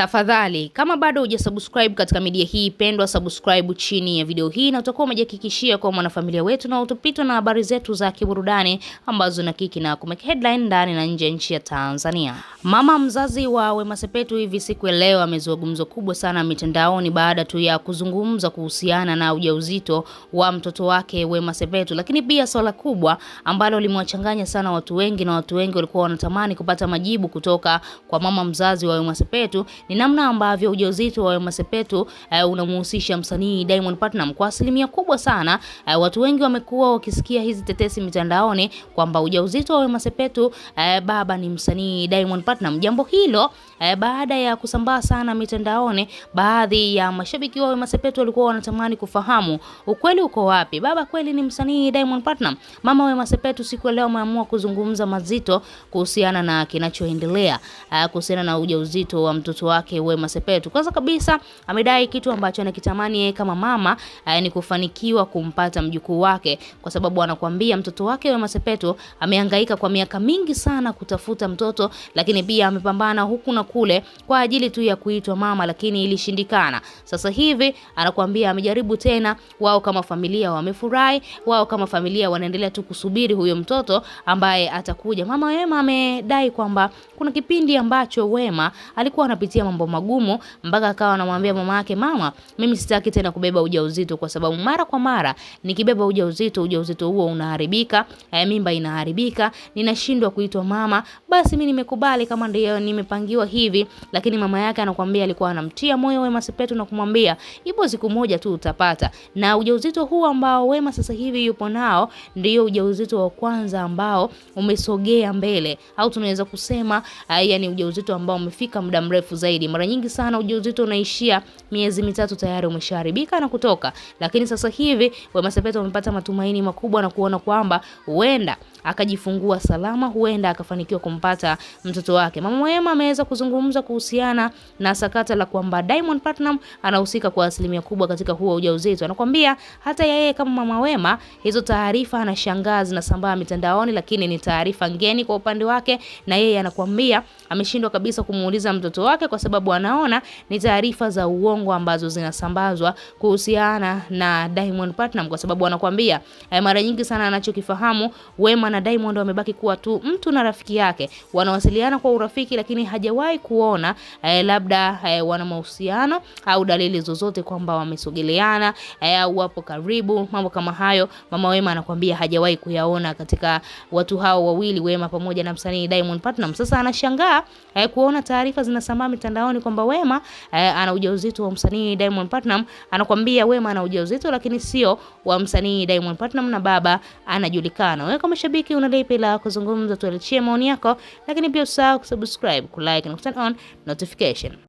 Tafadhali kama bado hujasubscribe katika media hii pendwa, subscribe chini ya video hii, na utakuwa umejihakikishia kwa mwanafamilia wetu na utupitwa na habari zetu za kiburudani ambazo na kiki na kumeka headline ndani na nje ya nchi ya Tanzania. Mama mzazi wa Wema Sepetu hivi siku ya leo amezua gumzo kubwa sana mitandaoni baada tu ya kuzungumza kuhusiana na ujauzito wa mtoto wake Wema Sepetu, lakini pia swala kubwa ambalo limewachanganya sana watu wengi na watu wengi walikuwa wanatamani kupata majibu kutoka kwa mama mzazi wa Wema Sepetu ni namna ambavyo ujauzito wa Wema Sepetu uh, eh, unamhusisha msanii Diamond Platnumz. Kwa asilimia kubwa sana uh, watu wengi wamekuwa wakisikia hizi tetesi mitandaoni kwamba ujauzito wa Wema Sepetu uh, baba ni msanii Diamond Platinum. Jambo hilo eh, baada ya kusambaa sana mitandaoni, baadhi ya mashabiki wa Wema Sepetu walikuwa wanatamani kufahamu ukweli uko wapi. Baba kweli ni msanii Diamond Platinum? Mama Wema Sepetu siku ya leo ameamua kuzungumza mazito kuhusiana na kinachoendelea eh, kuhusiana na ujauzito wa mtoto wake Wema Sepetu. Kwanza kabisa amedai kitu ambacho anakitamani yeye kama mama eh, ni kufanikiwa kumpata mjukuu wake, kwa sababu anakuambia mtoto wake Wema Sepetu amehangaika kwa miaka mingi sana kutafuta mtoto lakini lakini pia amepambana huku na kule kwa ajili tu ya kuitwa mama, lakini ilishindikana. Sasa hivi anakuambia amejaribu tena, wao kama familia wamefurahi, wao kama familia wanaendelea tu kusubiri huyo mtoto ambaye atakuja. Mama Wema amedai kwamba kuna kipindi ambacho Wema alikuwa anapitia mambo magumu mpaka akawa anamwambia mama yake, mama, mimi sitaki tena kubeba ujauzito kwa sababu mara kwa mara nikibeba ujauzito, ujauzito huo unaharibika, eh, mimba inaharibika, ninashindwa kuitwa mama. Basi mimi nimekubali kama ndio nimepangiwa hivi, lakini mama yake anakuambia alikuwa anamtia moyo Wema Sepetu na kumwambia ipo siku moja tu utapata. Na ujauzito huu ambao Wema sasa hivi yupo nao ndio ujauzito wa kwanza ambao umesogea mbele au tunaweza kusema ah, yani ujauzito ambao umefika muda mrefu zaidi. Mara nyingi sana ujauzito unaishia miezi mitatu tayari umeshaharibika na kutoka, lakini sasa hivi Wema Sepetu amepata matumaini makubwa na kuona kwamba huenda akajifungua salama, huenda akafanikiwa kumpata mtoto wake. Mama Wema ameweza kuzungumza kuhusiana na sakata la kwamba Diamond Platinum anahusika kwa asilimia kubwa katika huo ujauzito. Anakuambia hata yeye kama Mama Wema, hizo taarifa anashangaa zinasambaa mitandaoni, lakini ni taarifa ngeni kwa upande wake, na yeye anakuambia ameshindwa kabisa kumuuliza mtoto wake kwa sababu anaona ni taarifa za uongo ambazo zinasambazwa kuhusiana na Diamond Platinum, kwa sababu anakuambia eh, mara nyingi sana anachokifahamu Wema Juma Diamond kuwa tu mtu na rafiki yake, wanawasiliana kwa urafiki, lakini hajawahi kuona eh, labda eh, wana mahusiano au dalili zozote kwamba wamesogeleana eh, au eh, wapo karibu. Mambo kama hayo, Mama Wema anakuambia hajawahi kuyaona katika watu hao wawili, Wema pamoja na msanii Diamond Platnumz. Sasa anashangaa eh, kuona taarifa zinasambaa mitandaoni kwamba Wema eh, ana ujauzito wa msanii Diamond Platnumz. Anakuambia Wema ana ujauzito lakini sio wa msanii Diamond Platnumz na baba anajulikana. Wewe kama shabiki una lipi la kuzungumza, tuelechie maoni yako, lakini pia usahau kusubscribe, kulike na kuturn on notification.